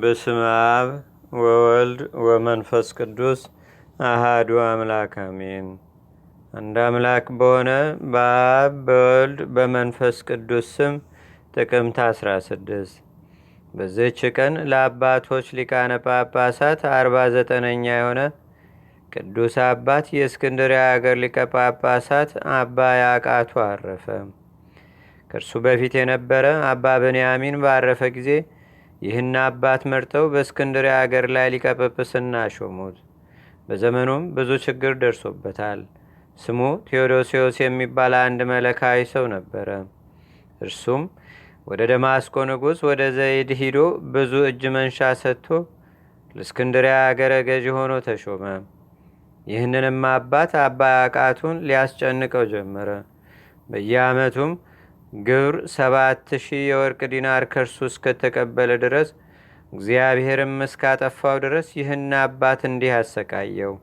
በስመ አብ ወወልድ ወመንፈስ ቅዱስ አሃዱ አምላክ አሜን። አንድ አምላክ በሆነ በአብ በወልድ በመንፈስ ቅዱስ ስም ጥቅምት 16 በዚህች ቀን ለአባቶች ሊቃነ ጳጳሳት 49ኛ የሆነ ቅዱስ አባት የእስክንድር አገር ሊቀ ጳጳሳት አባ ያቃቱ አረፈ። ከእርሱ በፊት የነበረ አባ ብንያሚን ባረፈ ጊዜ ይህን አባት መርጠው በእስክንድሪያ አገር ላይ ሊቀጵጵስና ሾሙት። በዘመኑም ብዙ ችግር ደርሶበታል። ስሙ ቴዎዶሲዎስ የሚባል አንድ መለካዊ ሰው ነበረ። እርሱም ወደ ደማስቆ ንጉሥ ወደ ዘይድ ሂዶ ብዙ እጅ መንሻ ሰጥቶ ለእስክንድሪያ አገረ ገዢ ሆኖ ተሾመ። ይህንንም አባት አባ አቃቱን ሊያስጨንቀው ጀመረ። በየአመቱም። ግብር ሰባት ሺህ የወርቅ ዲናር ከእርሱ እስከተቀበለ ድረስ እግዚአብሔርም እስካጠፋው ድረስ ይህን አባት እንዲህ አሰቃየው።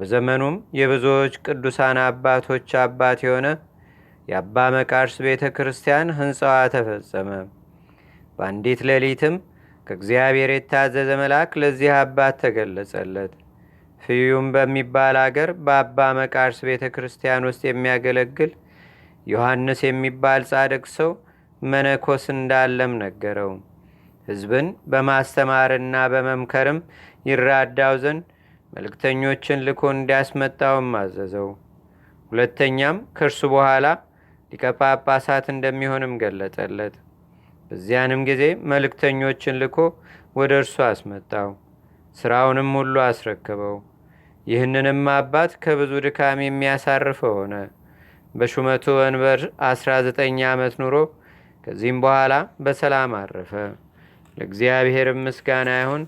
በዘመኑም የብዙዎች ቅዱሳን አባቶች አባት የሆነ የአባ መቃርስ ቤተ ክርስቲያን ሕንፃዋ ተፈጸመ። በአንዲት ሌሊትም ከእግዚአብሔር የታዘዘ መልአክ ለዚህ አባት ተገለጸለት። ፍዩም በሚባል አገር በአባ መቃርስ ቤተ ክርስቲያን ውስጥ የሚያገለግል ዮሐንስ የሚባል ጻድቅ ሰው መነኮስ እንዳለም ነገረው። ህዝብን በማስተማርና በመምከርም ይራዳው ዘንድ መልእክተኞችን ልኮ እንዲያስመጣውም አዘዘው። ሁለተኛም ከእርሱ በኋላ ሊቀጳጳሳት እንደሚሆንም ገለጠለት። በዚያንም ጊዜ መልእክተኞችን ልኮ ወደ እርሱ አስመጣው፣ ሥራውንም ሁሉ አስረክበው። ይህንንም አባት ከብዙ ድካም የሚያሳርፈ ሆነ። በሹመቱ ወንበር 19 ዓመት ኑሮ ከዚህም በኋላ በሰላም አረፈ። ለእግዚአብሔር ምስጋና ይሁን።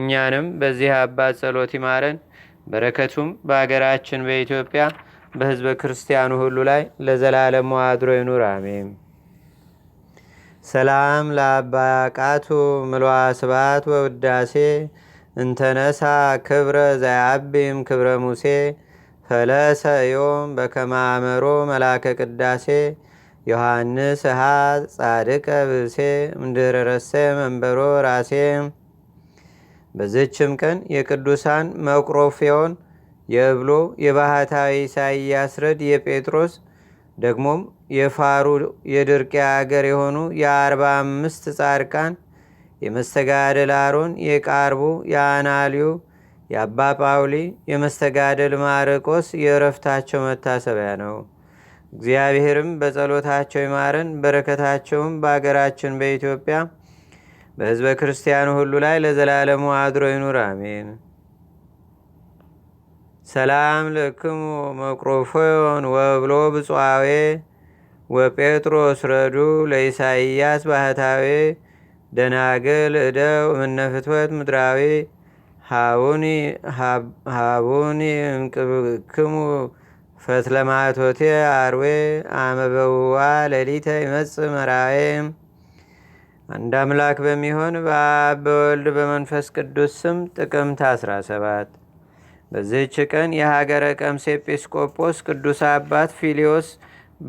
እኛንም በዚህ አባት ጸሎት ይማረን። በረከቱም በአገራችን በኢትዮጵያ በሕዝበ ክርስቲያኑ ሁሉ ላይ ለዘላለም አድሮ ይኑር፣ አሜን። ሰላም ለአባቃቱ ምሏ ስባት ወውዳሴ እንተነሳ ክብረ ዘያቢም ክብረ ሙሴ ዮም በከማመሮ መላከ ቅዳሴ ዮሐንስ ሃ ጻድቀ ብብሴ እምድረረሰ መንበሮ ራሴ በዝችም ቀን የቅዱሳን መቅሮፌዮን የብሎ የባህታዊ ኢሳይያስ ረድ የጴጥሮስ ደግሞም የፋሩ የድርቅያ አገር የሆኑ የአርባ አምስት ጻድቃን የመስተጋደል አሮን የቃርቡ የአናልዩ የአባ ጳውሊ የመስተጋደል ማዕርቆስ የእረፍታቸው መታሰቢያ ነው። እግዚአብሔርም በጸሎታቸው ይማረን፣ በረከታቸውም በአገራችን በኢትዮጵያ በህዝበ ክርስቲያኑ ሁሉ ላይ ለዘላለሙ አድሮ ይኑር፣ አሜን። ሰላም ልክሙ መቅሮፎን ወብሎ ብፅዋዌ ወጴጥሮስ ረዱ ለኢሳይያስ ባህታዌ ደናገል እደው ምነፍትወት ምድራዊ ሀቡኒ እንቅብክሙ ፈትለማቶቴ አርዌ አመበውዋ ሌሊተ ይመጽ መራዬ አንድ አምላክ በሚሆን በአብ በወልድ በመንፈስ ቅዱስ ስም ጥቅምት 17 በዚህች ቀን የሀገረ ቀምስ ኤጲስቆጶስ ቅዱስ አባት ፊሊዮስ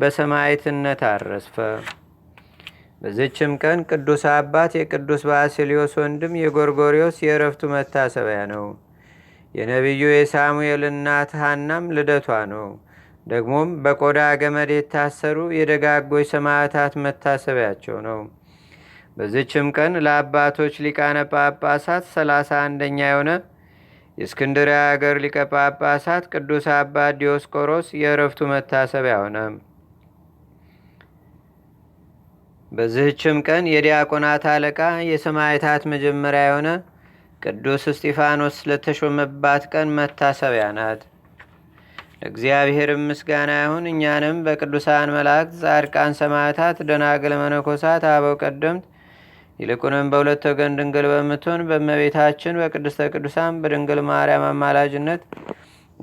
በሰማይትነት አረስፈ። በዝችም ቀን ቅዱስ አባት የቅዱስ ባስልዮስ ወንድም የጎርጎሪዎስ የእረፍቱ መታሰቢያ ነው። የነቢዩ የሳሙኤል እናት ሃናም ልደቷ ነው። ደግሞም በቆዳ ገመድ የታሰሩ የደጋጎች ሰማዕታት መታሰቢያቸው ነው። በዝችም ቀን ለአባቶች ሊቃነ ጳጳሳት ሰላሳ አንደኛ የሆነ የእስክንድሪያ አገር ሊቀ ጳጳሳት ቅዱስ አባት ዲዮስቆሮስ የእረፍቱ መታሰቢያ ሆነ። በዚህችም ቀን የዲያቆናት አለቃ የሰማይታት መጀመሪያ የሆነ ቅዱስ እስጢፋኖስ ስለተሾመባት ቀን መታሰቢያ ናት። ለእግዚአብሔርም ምስጋና ይሁን። እኛንም በቅዱሳን መላእክት፣ ጻድቃን፣ ሰማዕታት፣ ደናግል፣ መነኮሳት፣ አበው ቀደምት ይልቁንም በሁለት ወገን ድንግል በምትሆን በመቤታችን በቅድስተ ቅዱሳን በድንግል ማርያም አማላጅነት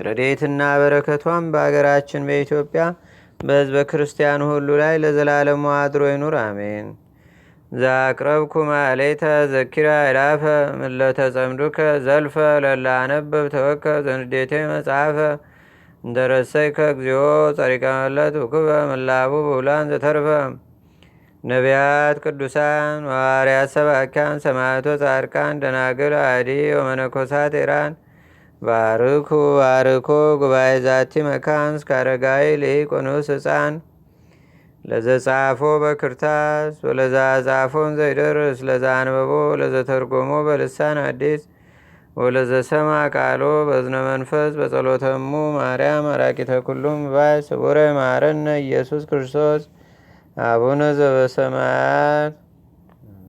ረዴትና በረከቷም በአገራችን በኢትዮጵያ በሕዝበ ክርስቲያን ሁሉ ላይ ለዘላለሙ አድሮ ይኑር። አሜን። ዛቅረብኩ ማሌተ ዘኪራ ይላፈ ምለተ ጸምዱከ ዘልፈ ለላአነበብ ተወከ ዘንዴቴ መጽሐፈ እንደረሰይ እግዚኦ ጸሪቀ መለት ውክበ ምላቡ ብውላን ዘተርፈ ነቢያት፣ ቅዱሳን፣ ዋርያት ሰባኪያን፣ ሰማዕቶ፣ ጻድቃን፣ ደናግል፣ አዲ ወመነኮሳት ኢራን ባርኩ ባርኮ ጉባኤ ዛቲ መካን ስካረጋይ ልኢቆኑስ ህፃን ለዘጻፎ በክርታስ ወለዛ ጻፎን ዘይደርስ ለዛ አንበቦ ለዘተርጎሞ በልሳን አዲስ ወለዘሰማ ቃሎ በዝነ መንፈስ በጸሎተሙ ማርያም አራቂተ ኩሉም ባይ ስቡረ ማረነ ኢየሱስ ክርስቶስ አቡነ ዘበሰማያት